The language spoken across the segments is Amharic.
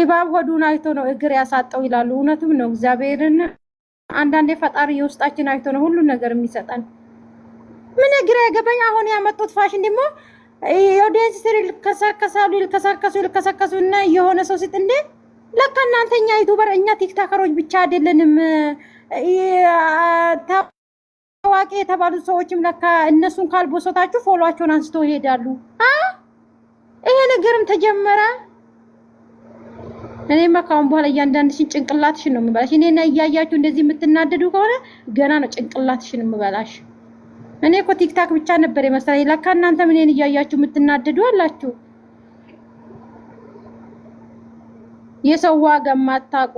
ኢባብ ሆዱን አይቶ ነው እግር ያሳጠው ይላሉ። እውነቱም ነው። እግዚአብሔርን አንዳንዴ ፈጣሪ የውስጣችን አይቶ ነው ሁሉን ነገር የሚሰጠን። ምን እግር ያገባኝ አሁን ያመጡት ፋሽን ደግሞ ኦዲየንስ ስር ይልከሳከሳሉ ይልከሳከሱ ይልከሳከሱ እና የሆነ ሰው ሲት እንዴ ለካ እናንተ እኛ ዩቱበር እኛ ቲክታከሮች ብቻ አይደለንም። ታዋቂ የተባሉ ሰዎችም ለካ እነሱን ካልቦሰታችሁ ፎሎቸውን አንስቶ ይሄዳሉ። ይሄ ነገርም ተጀመረ። እኔማ ካሁን በኋላ እያንዳንድሽን ጭንቅላትሽን ነው የምበላሽ። እኔና እያያችሁ እንደዚህ የምትናደዱ ከሆነ ገና ነው ጭንቅላትሽን የምበላሽ። እኔ እኮ ቲክታክ ብቻ ነበር የመሰለኝ። ለካ እናንተ ምን እያያችሁ የምትናደዱ አላችሁ። የሰው ዋጋ የማታውቁ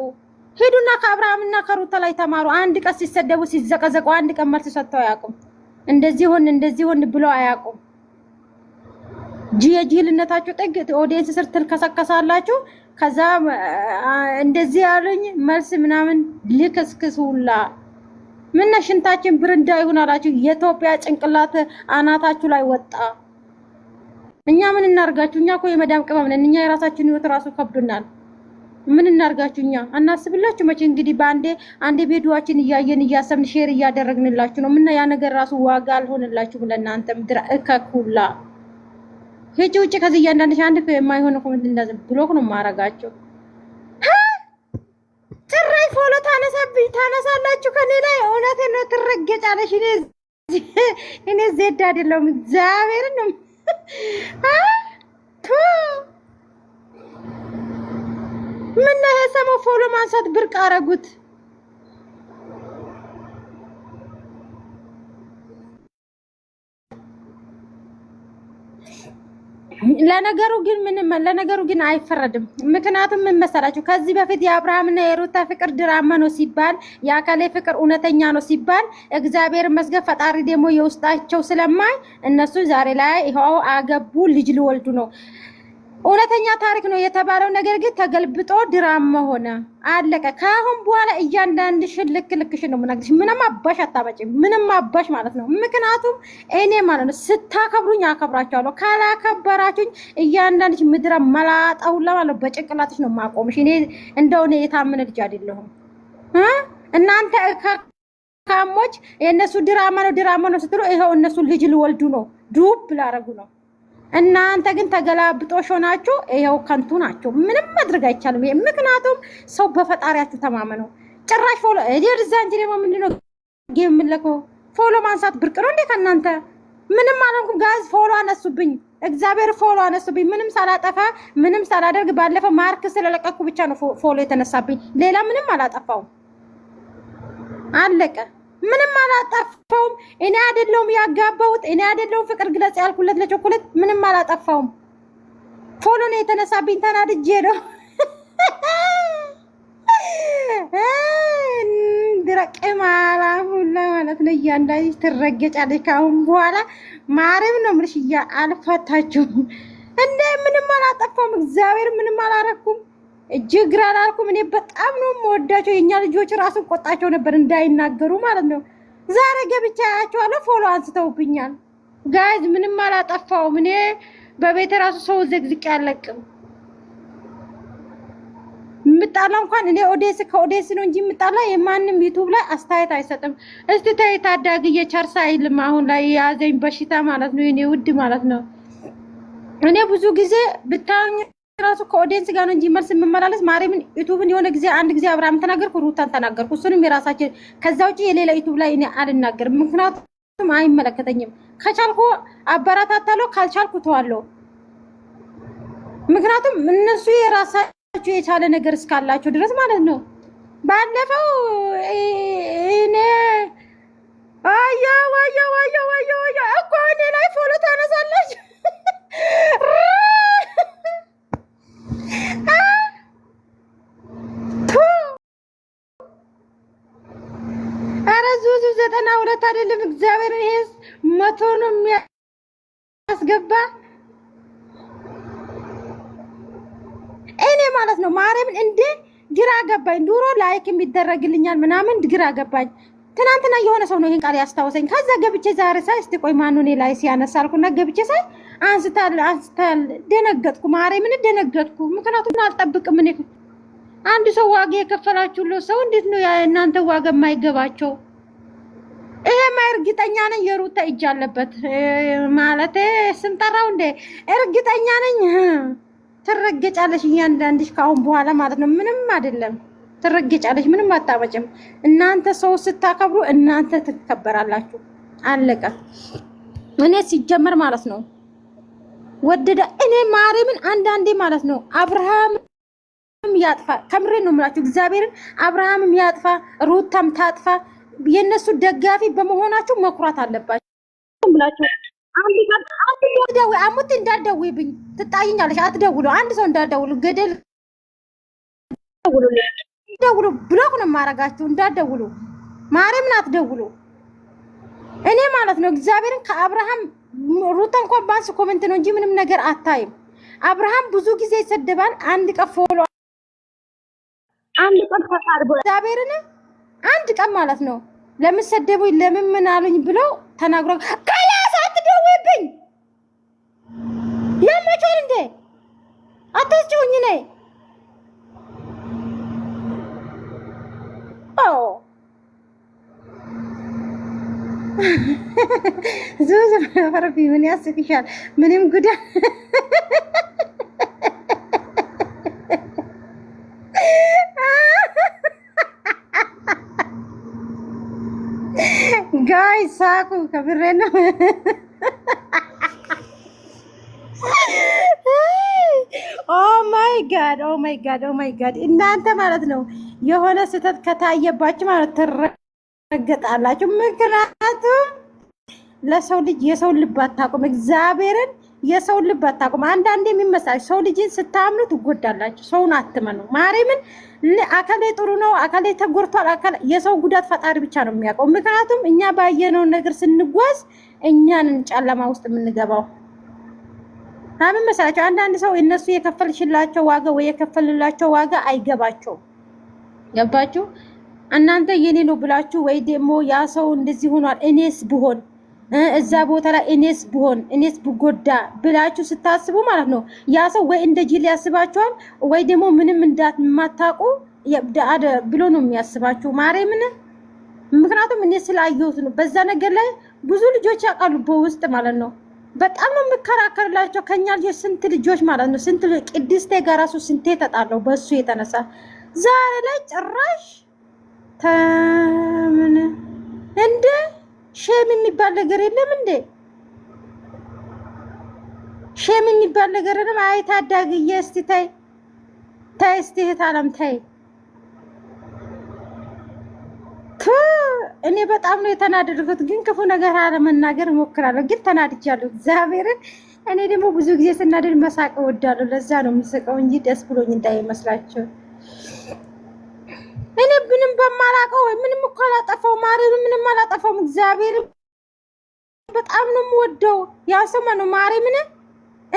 ሄዱና ከአብርሃምና ከሩታ ላይ ተማሩ። አንድ ቀን ሲሰደቡ ሲዘቀዘቁ አንድ ቀን መልስ ሰጥተው አያውቁም። እንደዚህ ሆን እንደዚህ ሆን ብሎ አያውቁም። ጂ የጂልነታችሁ ጥግ ኦዲየንስ ስር ትልከሰከሳላችሁ። ከዛ እንደዚህ ያለኝ መልስ ምናምን ልክስክስ ሁላ ሽንታችን ብርንዳ ይሁን አላችሁ። የኢትዮጵያ ጭንቅላት አናታችሁ ላይ ወጣ። እኛ ምን እናርጋችሁ? እኛ እኮ የመዳም ቅመም ነን። እኛ የራሳችን ህይወት ራሱ ከብዶናል። ምን እናርጋችሁ? እኛ አናስብላችሁ መቼ። እንግዲህ በአንዴ አንዴ ቤዱዋችን እያየን እያሰብን ሼር እያደረግንላችሁ ነው። ምነው ያ ነገር ራሱ ዋጋ አልሆንላችሁም ለእናንተ ምድረ እከክ ሁላ ሂጅ ውጭ ከዚህ እያንዳንድሽ አንድ የማይሆን ኮሜንት እንዳዘ ብሎክ ነው ማረጋቸው። ትራይ ፎሎ ታነሳብኝ ታነሳላችሁ ከኔ ላይ እውነት ነው። ትረገጫለሽ። እኔ ዜድ አይደለሁም እግዚአብሔርን ነው ምነው ሰሞ ፎሎ ማንሳት ብርቅ አረጉት። ለነገሩ ግን ምንም ለነገሩ ግን አይፈረድም። ምክንያቱም ምን መሰላችሁ ከዚህ በፊት የአብርሃምና የሩታ ፍቅር ድራማ ነው ሲባል የአካሌ ፍቅር እውነተኛ ነው ሲባል እግዚአብሔር ይመስገን ፈጣሪ ደግሞ የውስጣቸው ስለማይ እነሱ ዛሬ ላይ ይኸው አገቡ ልጅ ሊወልዱ ነው። እውነተኛ ታሪክ ነው የተባለው ነገር ግን ተገልብጦ ድራማ ሆነ። አለቀ። ከአሁን በኋላ እያንዳንድሽን ልክ ልክሽን ነው የምናግርሽ። ምንም አባሽ አታመጪም። ምንም አባሽ ማለት ነው። ምክንያቱም እኔ ማለት ነው ስታከብሩኝ አከብራቸዋለሁ። ካላከበራችሁኝ እያንዳንድሽ ምድረ መላጣውላ ማለት በጭንቅላትሽ ነው ማቆምሽ። እኔ እንደሆነ የታመነ ልጅ አይደለሁም። እናንተ ካሞች የእነሱ ድራማ ነው ድራማ ነው ስትሉ ይኸው እነሱ ልጅ ልወልዱ ነው ዱብ ላረጉ ነው እናንተ ግን ተገላብጦሽ ሆናችሁ ይኸው ከንቱ ናቸው። ምንም ማድረግ አይቻልም። ምክንያቱም ሰው በፈጣሪያችሁ ተማመኑ። ጭራሽ ፎሎ እዛ እንጂ ደግሞ ምንድነው ጌም ፎሎ ማንሳት ብርቅ ነው እንዴ ከእናንተ? ምንም አልሆንኩም ጋዝ ፎሎ አነሱብኝ። እግዚአብሔር ፎሎ አነሱብኝ። ምንም ሳላጠፋ ምንም ሳላደርግ ባለፈው ማርክ ስለለቀኩ ብቻ ነው ፎሎ የተነሳብኝ። ሌላ ምንም አላጠፋው። አለቀ። ምንም አላጠፋውም። እኔ አይደለሁም ያጋባሁት፣ እኔ አይደለሁም ፍቅር ግለጽ ያልኩለት ለቾኮሌት። ምንም አላጠፋውም። ፎሎ ነው የተነሳብኝ፣ ተናድጄ ነው። ድረቅ ማላ ሁላ ማለት ነው። እያንዳንድ ትረገጫለች። ካሁን በኋላ ማርም ነው ምልሽ፣ እያ አልፋታችሁም እንደ ምንም አላጠፋውም። እግዚአብሔር ምንም አላረኩም። እጅ እግር አላልኩም። እኔ በጣም ነው የምወዳቸው። የእኛ ልጆች ራሱ ቆጣቸው ነበር እንዳይናገሩ ማለት ነው። ዛሬ ገብቻ ያቸዋለሁ። ፎሎ አንስተውብኛል። ጋይዝ ምንም አላጠፋውም። እኔ በቤት ራሱ ሰው ዘግዝቄ አለቅም። የምጣላ እንኳን እኔ ኦዴስ ከኦዴስ ነው እንጂ የምጣላ የማንም ዩቱብ ላይ አስተያየት አይሰጥም። እስቲ ተይ ታዳጊ የቸርሳ አይልም። አሁን ላይ የያዘኝ በሽታ ማለት ነው የኔ ውድ ማለት ነው። እኔ ብዙ ጊዜ ብታኝ ራሱ ከኦዲየንስ ጋር ነው እንጂ መልስ የምመላለስ ማርያምን ዩቱብን የሆነ ጊዜ አንድ ጊዜ አብርሃም ተናገርኩ፣ ሩታን ተናገርኩ። እሱንም የራሳችን ከዛ ውጭ የሌላ ዩቱብ ላይ እኔ አልናገርም፣ ምክንያቱም አይመለከተኝም። ከቻልኩ አበረታታለሁ፣ ካልቻልኩ ተዋለሁ። ምክንያቱም እነሱ የራሳቸው የቻለ ነገር እስካላቸው ድረስ ማለት ነው። ባለፈው እኔ አያ ዋያ ዋያ ዋያ ገባኝ። ዱሮ ላይክ የሚደረግልኛል ምናምን ግራ ገባኝ። ትናንትና የሆነ ሰው ነው ይህን ቃል ያስታወሰኝ። ከዛ ገብቼ ዛሬ ሳይ እስቲ ቆይ ማኑ እኔ ላይ ሲያነሳ አልኩና ገብቼ ሳይ አንስታል አንስታል። ደነገጥኩ፣ ማሬ ምን ደነገጥኩ። ምክንያቱም አልጠብቅም እኔ አንድ ሰው ዋጋ የከፈላችሁለት ሰው እንዴት ነው እናንተ ዋጋ የማይገባቸው? ይሄማ እርግጠኛ ነኝ የሩታ እጅ አለበት ማለት ስንጠራው እንደ እርግጠኛ ነኝ ትረገጫለሽ እያንዳንድሽ ከአሁን በኋላ ማለት ነው። ምንም አይደለም። ትረግጫለች፣ ምንም አታመጭም። እናንተ ሰው ስታከብሩ እናንተ ትከበራላችሁ። አለቀ። እኔ ሲጀመር ማለት ነው ወደደ እኔ ማርያምን አንዳንዴ ማለት ነው አብርሃም ያጥፋ፣ ከምሬ ነው የምላችሁ እግዚአብሔርን። አብርሃምም ያጥፋ፣ ሩታም ታጥፋ፣ የእነሱ ደጋፊ በመሆናችሁ መኩራት አለባችሁ ብላችሁ አሙት እንዳትደውይብኝ፣ ትጣይኛለሽ። አትደውሉ፣ አንድ ሰው እንዳትደውሉ ገደል አትደውሉ፣ ብሎክ ነው የማረጋችሁ። እንዳትደውሉ፣ ማርያምን አትደውሉ። እኔ ማለት ነው እግዚአብሔርን ከአብርሃም ሩታ እንኳን ባንስ ኮሜንት ነው እንጂ ምንም ነገር አታይም። አብርሃም ብዙ ጊዜ ይሰደባል። አንድ ቀን ፎሎ አንድ ቀን ተቃርቦ እግዚአብሔርን አንድ ቀን ማለት ነው ለምን ሰደቡኝ ለምን ምን አሉኝ ብሎ ተናግሮ ከላስ አትደውይብኝ ያመቸውን እንዴ አታስጨውኝ ነይ አዎ ዙዙ ፈርፊ ምን ያስቅሻል? ምንም ጉዳ ጋይ ሳቁ ከብሬ ነው። ኦ ማይ ጋድ ኦ ማይ ጋድ ኦ ማይ ጋድ እናንተ ማለት ነው የሆነ ስህተት ከታየባችሁ ማለት ትረገጣላችሁ። ምክንያቱም ለሰው ልጅ የሰው ልብ አታውቁም፣ እግዚአብሔርን የሰው ልብ አታውቁም። አንዳንድ የሚመስላችሁ ሰው ልጅን ስታምኑ ትጎዳላችሁ። ሰውን አትመኑ። ማርያምን አካሌ ጥሩ ነው፣ አካሌ ተጎድቷል፣ የሰው ጉዳት ፈጣሪ ብቻ ነው የሚያውቀው። ምክንያቱም እኛ ባየነው ነገር ስንጓዝ እኛንን ጨለማ ውስጥ የምንገባው ምን መሰላቸው? አንዳንድ ሰው እነሱ የከፈልሽላቸው ዋጋ ወይ የከፈልላቸው ዋጋ አይገባቸውም። ገባችሁ? እናንተ የኔ ነው ብላችሁ ወይ ደግሞ ያ ሰው እንደዚህ ሆኗል እኔስ ብሆን እዛ ቦታ ላይ እኔስ ብሆን እኔስ ብጎዳ ብላችሁ ስታስቡ ማለት ነው ያ ሰው ወይ እንደ ጅል ያስባችኋል፣ ወይ ደግሞ ምንም እንዳት የማታውቁ ብሎ ነው የሚያስባችሁ። ማርያምን ምክንያቱም እኔ ስላየሁት ነው። በዛ ነገር ላይ ብዙ ልጆች ያውቃሉ በውስጥ ማለት ነው። በጣም ነው የምከራከርላቸው ከኛ ልጆች ስንት ልጆች ማለት ነው ስንት ቅድስቴ ጋር ስንቴ ተጣለው በሱ የተነሳ ዛሬ ላይ ጭራሽ ተምን እንደ ሼም የሚባል ነገር የለም እንዴ? ሼም የሚባል ነገር የለም። አይ ታዳግዬ፣ እስቲ ታይ ታይ፣ እስቲ እህት አለም ታይ። እኔ በጣም ነው የተናደድኩት፣ ግን ክፉ ነገር አለመናገር እሞክራለሁ፣ ግን ተናድጃለሁ። እግዚአብሔርን እኔ ደግሞ ብዙ ጊዜ ስናደድ መሳቅ እወዳለሁ። ለዛ ነው የምስቀው እንጂ ደስ ብሎኝ እንዳይመስላቸው። እኔ ምንም በማላውቀው ምንም እኮ አላጠፋው ማሬም ምንም አላጠፋውም። እግዚአብሔር በጣም ነው የምወደው። ያው ሰማ ነው ማሬ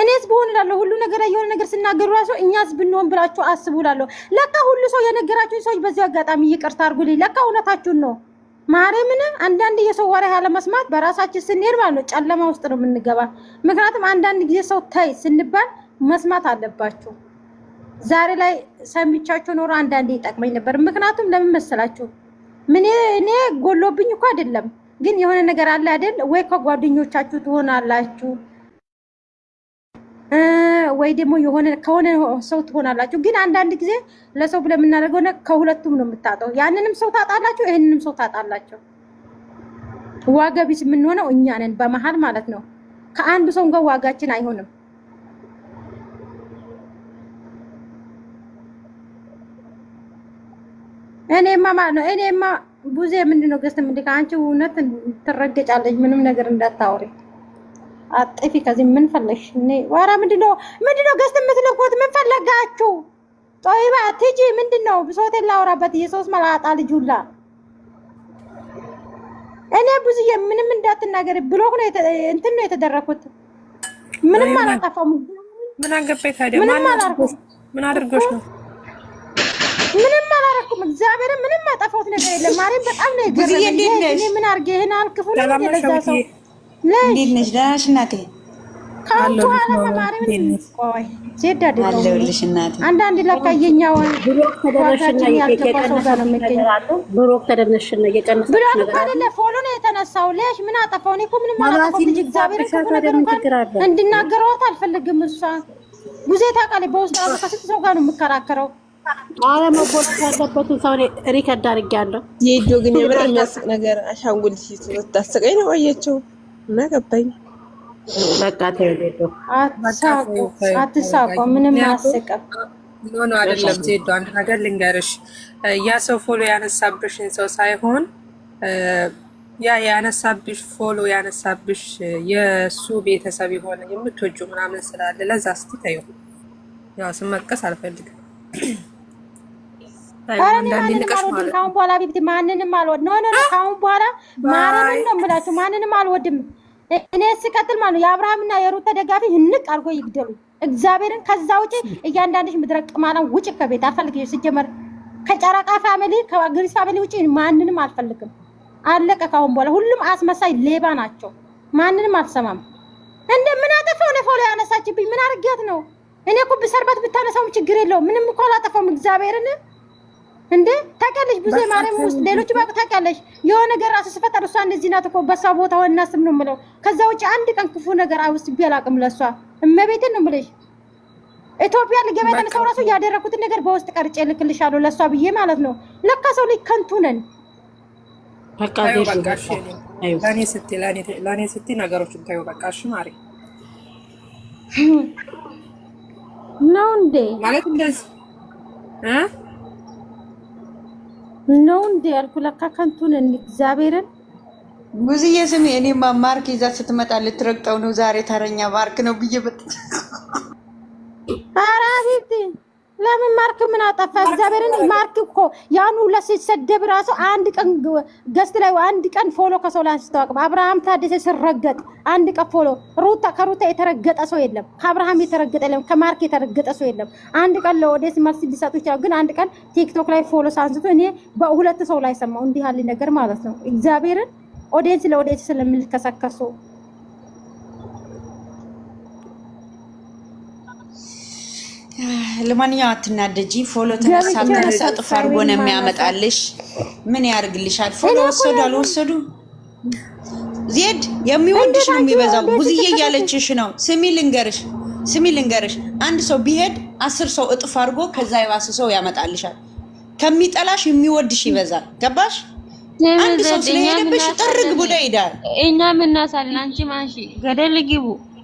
እኔስ ብሆን እላለሁ ሁሉ ነገር የሆነ ነገር ስናገሩ ራሱ እኛስ ብንሆን ብላችሁ አስቡ እላለሁ። ለካ ሁሉ ሰው የነገራችሁን ሰዎች በዚህ አጋጣሚ ይቅርታ አድርጉልኝ። ለካ እውነታችሁን ነው ማርያምን አንዳንድ የሰው ወሬ ያለመስማት በራሳችን ስንሄድ ማለት ነው ጨለማ ውስጥ ነው የምንገባ። ምክንያቱም አንዳንድ ጊዜ ሰው ተይ ስንባል መስማት አለባችሁ። ዛሬ ላይ ሰምቻቸው ኖሮ አንዳንዴ ይጠቅመኝ ነበር። ምክንያቱም ለምን መሰላችሁ? ምን እኔ ጎሎብኝ እኮ አይደለም፣ ግን የሆነ ነገር አለ አይደል ወይ ከጓደኞቻችሁ ትሆናላችሁ ወይ ደግሞ የሆነ ከሆነ ሰው ትሆናላችሁ። ግን አንዳንድ ጊዜ ለሰው ብለን የምናደርገው ነገር ከሁለቱም ነው የምታጠው ያንንም ሰው ታጣላችሁ፣ ይህንንም ሰው ታጣላችሁ። ዋጋ ቢስ የምንሆነው እኛ ነን፣ በመሀል ማለት ነው። ከአንዱ ሰው ጋር ዋጋችን አይሆንም። እኔማ ማለት ነው እኔማ ቡዜ ምንድን ነው ገዝተህ ምንድን አንቺ እውነት ትረገጫለች። ምንም ነገር እንዳታወሪ አጥፊ። ከዚህ ምን ፈለግሽ? እኔ ዋራ ምንድን ነው ምንድን ነው ገዝተህ የምትልኩት? ምን ፈለጋችሁ? ጦይባ ትጂ ምንድን ነው ብሶቴ ላውራበት የሶስት መላጣ ልጅ እኔ ቡዝዬ ምንም እንዳትናገር ብሎክ ነው እንትን ነው የተደረኩት። ምንም አላጠፋም። ምን አገባኝ ታዲያ? ምን አድርጎሽ ነው ምንም አላረኩም። እግዚአብሔር ምንም አጠፋሁት ነገር የለም። ማርያም በጣም ነው የገረመኝ። ምን አድርጌ ይሄን አልክፉ ነው ለዛ ሰው እንዴት ነሽ? ደህና ነሽ እናቴ? አለሁልሽ እናቴ። አንዳንድ ለካ የኛው ብሮክ ተደረሽና እየቀነሰ ብሮክ ፎሎ ነው የተነሳው። ለሽ ምን አጠፋው? እኔ እኮ ምንም አላጠፋሁም። እግዚአብሔር እንድናገረዋት አልፈልግም። እሷ ጉዜ ታውቃለች። በውስጥ ሰው ጋር ነው የምከራከረው አረ መቦላት ያለበትን ሰው ሪከርድ አድርጌያለሁ። የእጆ ግን የምር የሚያስቅ ነገር አሻንጉል ስታስቀኝ ነው አየችው እና ገባኝ። በቃ ተይው፣ አትሳቆ ምንም አያስቅም። ኖ አይደለም። ዜዶ አንድ ነገር ልንገርሽ፣ ያ ሰው ፎሎ ያነሳብሽን ሰው ሳይሆን ያ ያነሳብሽ ፎሎ ያነሳብሽ የእሱ ቤተሰብ የሆነ የምትወጁ ምናምን ስላለ ለዛ ስትተዩ ያው ስመቀስ አልፈልግም። ከአሁን በኋላ ቢብት ማንንም አልወድ ከአሁን በኋላ ማረንም ነው የምላቸው። ማንንም አልወድም እኔ ስቀጥል ማለት የአብርሃምና የሩት ደጋፊ ህንቅ አድርጎ ይግደሉ እግዚአብሔርን። ከዛ ውጭ እያንዳንድሽ ምድረ ቅማላም ውጭ ከቤት አልፈልግም። ሲጀመር ከጨረቃ ፋሚሊ ከግሪስ ፋሚሊ ውጭ ማንንም አልፈልግም። አለቀ። ከአሁን በኋላ ሁሉም አስመሳይ ሌባ ናቸው። ማንንም አልሰማም። እንደ ምን አጠፋው ነው ፎሎ ያነሳችብኝ? ምን አድርጌያት ነው? እኔ እኮ ብሰርበት ብታነሳውም ችግር የለውም ምንም እኮ አላጠፋውም። እግዚአብሔርን እንደ ታውቂያለሽ ብዙ የማርያም ውስጥ ሌሎች ባቅ ታውቂያለሽ የሆነ ነገር ራሱ ስፈጠር እሷ እንደዚህ ናት እኮ በእሷ ቦታ ወና ስም ነው የምለው። ከዛ ውጭ አንድ ቀን ክፉ ነገር አውስ ቢያላቅም ለእሷ እመቤትን ነው የምልሽ። ኢትዮጵያ ልገባ የተነሳው ራሱ ያደረኩትን ነገር በውስጥ ቀርጬ እልክልሻለሁ ለእሷ ብዬ ማለት ነው። ለካ ሰው ልጅ ከንቱ ነን። በቃ ለእኔ ስትይ ለእኔ ስትይ ነገሮችን ታዩ። በቃ እሺ ማሪ ነው እንዴ ማለት እንደዚህ ነው እንደ ያልኩ ለካ ከንቱን እግዚአብሔርን ጉዝዬ ስሜ እኔማ ማርክ ይዛ ስትመጣ ልትረግጠው ነው ዛሬ ተረኛ ማርክ ነው ብዬ በጥ አራሲት ለምን ማርክ ምን አጠፋ? እግዚአብሔርን ማርክ እኮ ያን ሁላ ሲሰደብ ራሱ አንድ ቀን ገስት ላይ አንድ ቀን ፎሎ ከሰው ላይ አንስተዋቅም። አብርሃም ታደሰ ሲረገጥ አንድ ቀን ፎሎ፣ ሩታ ከሩታ የተረገጠ ሰው የለም፣ ከአብርሃም የተረገጠ የለም፣ ከማርክ የተረገጠ ሰው የለም። አንድ ቀን ለወደስ መልስ ሊሰጡ ይችላል፣ ግን አንድ ቀን ቲክቶክ ላይ ፎሎ ሳንስቶ እኔ በሁለት ሰው ላይ ሰማው። እንዲህ ያለ ነገር ማለት ነው። እግዚአብሔርን ኦዲየንስ ለኦዲየንስ ስለምልከሰከሱ ለማንኛውም አትናደጂ። ፎሎ ተነሳ ተነሳ ጥፍ አድርጎ ነው የሚያመጣልሽ። ምን ያደርግልሻል? ፎሎ ወሰዱ አልወሰዱ ዜድ የሚወድሽ ነው የሚበዛው። ጉዝዬ እያለችሽ ነው። ስሚ ልንገርሽ፣ ስሚ ልንገርሽ፣ አንድ ሰው ቢሄድ አስር ሰው እጥፍ አድርጎ ከዛ የባሰ ሰው ያመጣልሻል። ከሚጠላሽ የሚወድሽ ይበዛል። ገባሽ? አንድ ሰው ስለሄደብሽ ጥርግ ብሎ ይሄዳል። እኛ ምናሳለን። አንቺ ማንሺ ገደል ግቡ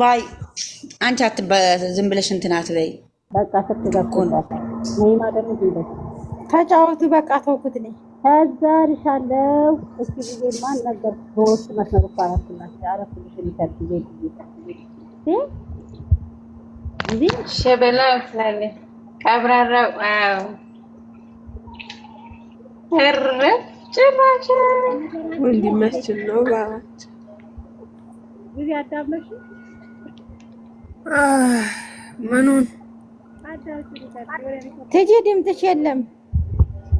ባይ አንቺ አትበ ዝም ብለሽ እንትን አትበይ። በቃ ተጫወቱ። በቃ ተውኩት። ነ ከዛ ልሻለው እስኪ ጊዜማ ነገር በወስ መስመር እኮ አራት ናቸው። አራት ጊዜ ጊዜ ሸበላ ስላለ ቀብራራው ኧረ ጭራሽ ወንድ መስል ነው ጊዜ አዳመሽ ምኑን ትጂ ድምፅሽ የለም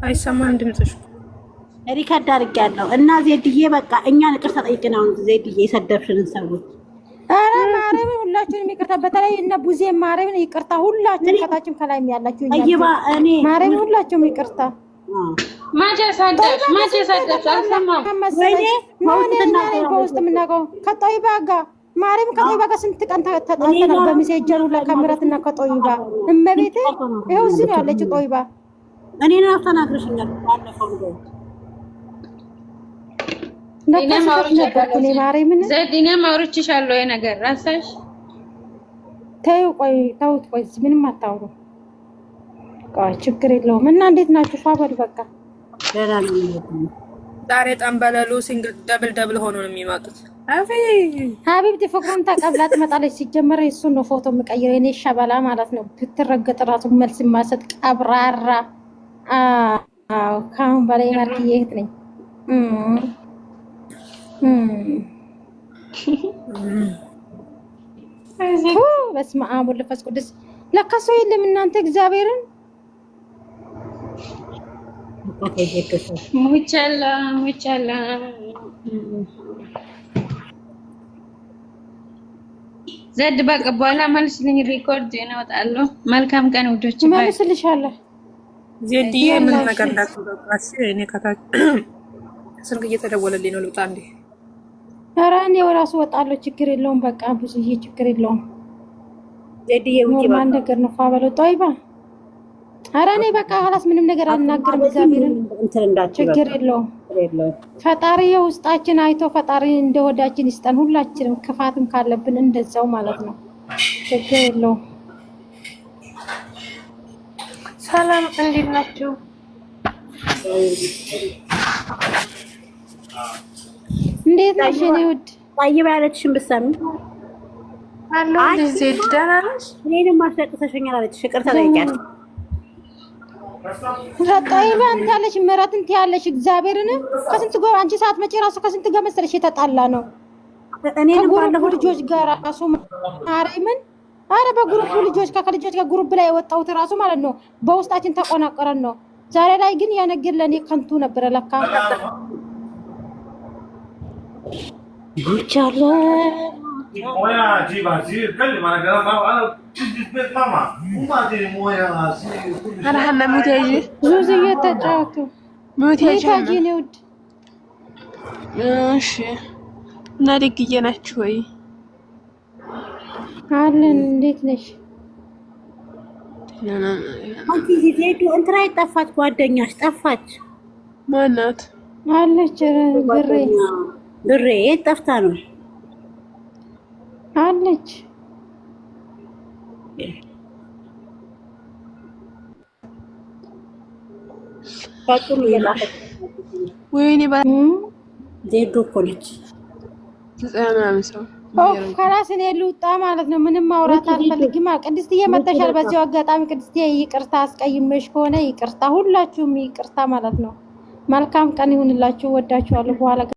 አይሰማም ድምፅሽ ሪከርድ አድርጌያለሁ እና ዜድዬ በቃ እኛን ይቅርታ ጠይቅን አሁን ዜድዬ የሰደብሽንን ሰዎች ኧረ ማርያምን ሁላችሁንም ይቅርታ በተለይ እነ ቡዜ ማርያምን ይቅርታ ሁላችሁም ከታችም ከላይም ያላችሁ ማርያምን ሁላችሁም ይቅርታ ማጀ ሰደብሽ ማጀ ሰደብሽ አልሰማሁም ወይኔ በውስጥ የምናውቀው ከጦይባ ጋር ማርያም ከጦይባ ጋር ስንት ቀን ተጣልተናል። በሚሴጀሩ ላይ ከምረት እና ከጠይባ እመቤቴ ይኸው እዚህ ነው ያለችው። ጠይባ እኔን አስተናግረሽኛል። ባለፈው ነው እኔም ይሄ ነገር ራሳሽ ተይው። ቆይ ተውት። ቆይ ምንም አታውሩ። ቆይ ችግር የለውም። እና እንዴት ናችሁ? ፋበል በቃ ዛሬ ጠንበለሉ ሲንግል ደብል ደብል ሆኖ ነው የሚመጡት ሀቢብቲ ፍቅሩን ተቀብላ ትመጣለች። ሲጀመር እሱን ነው ፎቶ የምቀይረው የኔ ሸበላ ማለት ነው። ብትረገጥ ራሱ መልስ የማሰጥ ቀብራራ። ከአሁን በላይ ማርክዬ እህት ነኝ። በስመ አብ ወወልድ ወመንፈስ ቅዱስ። ለካ ሰው የለም እናንተ እግዚአብሔርን ሙቻላ ሙቻላ ዘድ በቃ በኋላ መልስልኝ፣ ሪኮርድ እናወጣለሁ። መልካም ቀን ውዶች፣ መልስልሻለሁ። ዘድዬ ምን ነገር እንዳትበቃሽ። እኔ ከታች ስልክ እየተደወለልኝ ነው፣ ልውጣ እንዴ? ኧረ እኔ እራሱ ወጣለሁ፣ ችግር የለውም። በቃ ብዙዬ፣ ችግር የለውም። ዘድዬ ውጪ ነገር ነው ፋበለው ጣይባ። ኧረ እኔ በቃ ሀላስ ምንም ነገር አልናገርም። እግዚአብሔርን ችግር የለውም። ፈጣሪ የውስጣችን አይቶ ፈጣሪ እንደ ወዳችን ይስጠን። ሁላችንም ክፋትም ካለብን እንደዛው ማለት ነው። ችግር የለውም። ሰላም፣ እንዴት ናችሁ? እንዴት ነሽ የእኔ ውድ? ታይባ ያለችሽን ብትሰሚ አለሁ። ደህና ነሽ? እኔንም አስለቅሰሽኛል አለችሽ። ይቅርታ ጠይቂያለሁ ፈጣይባ እንታለሽ ምራት እንት ያለሽ እግዚአብሔርን ከስንት ጎ አንቺ ሰዓት መጪ ራሱ ከስንት ጋር መሰለሽ የተጣላ ነው። እኔን ባለሁ ልጆች ጋር ራሱ ማርያምን አረ በግሩፕ ልጆች ከልጆች ጋር ግሩፕ ላይ የወጣሁት ራሱ ማለት ነው በውስጣችን ተቆናቀረን ነው። ዛሬ ላይ ግን ያ ነገር ለእኔ ከንቱ ነበረ ለካ ጉቻለ Moya Cibacı, kalli bana kadar ben ana ciddi mama. Uma dedi moya ራሲ አራሃና ሙቴጂ ዙዙ እየተጫወቱ ሙቴጂ እሺ። እና ደግዬ ናችሁ ወይ? አለን እንዴት ነሽ? አንቺ እንትና ጠፋች፣ ጓደኛሽ ጠፋች። ማናት? አለች ብሬ ብሬ ጠፍታ ነው አለች። ወይኔ ዜዶ እኮ ነች። ከራስን ልውጣ ማለት ነው። ምንም ማውራት አልፈልግም። ቅድስትዬ መተሻል። በዚሁ አጋጣሚ ቅድስትዬ ይቅርታ አስቀይመሽ ከሆነ ይቅርታ፣ ሁላችሁም ይቅርታ ማለት ነው። መልካም ቀን ይሁንላችሁ። ወዳችኋለሁ። በኋላ